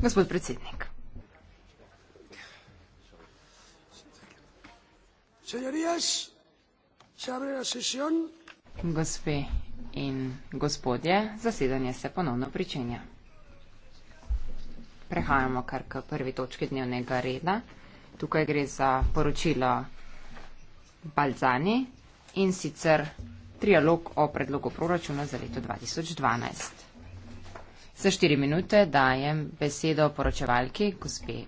Gospod predsednik. Gospe in gospodje, zasedanje se ponovno pričenja prehajamo kar k prvi točki dnevnega reda. Tukaj gre za poročilo Balzani in sicer trialog o predlogu proračuna za leto 2012. Za štiri minute dajem besedo poročevalki gospe.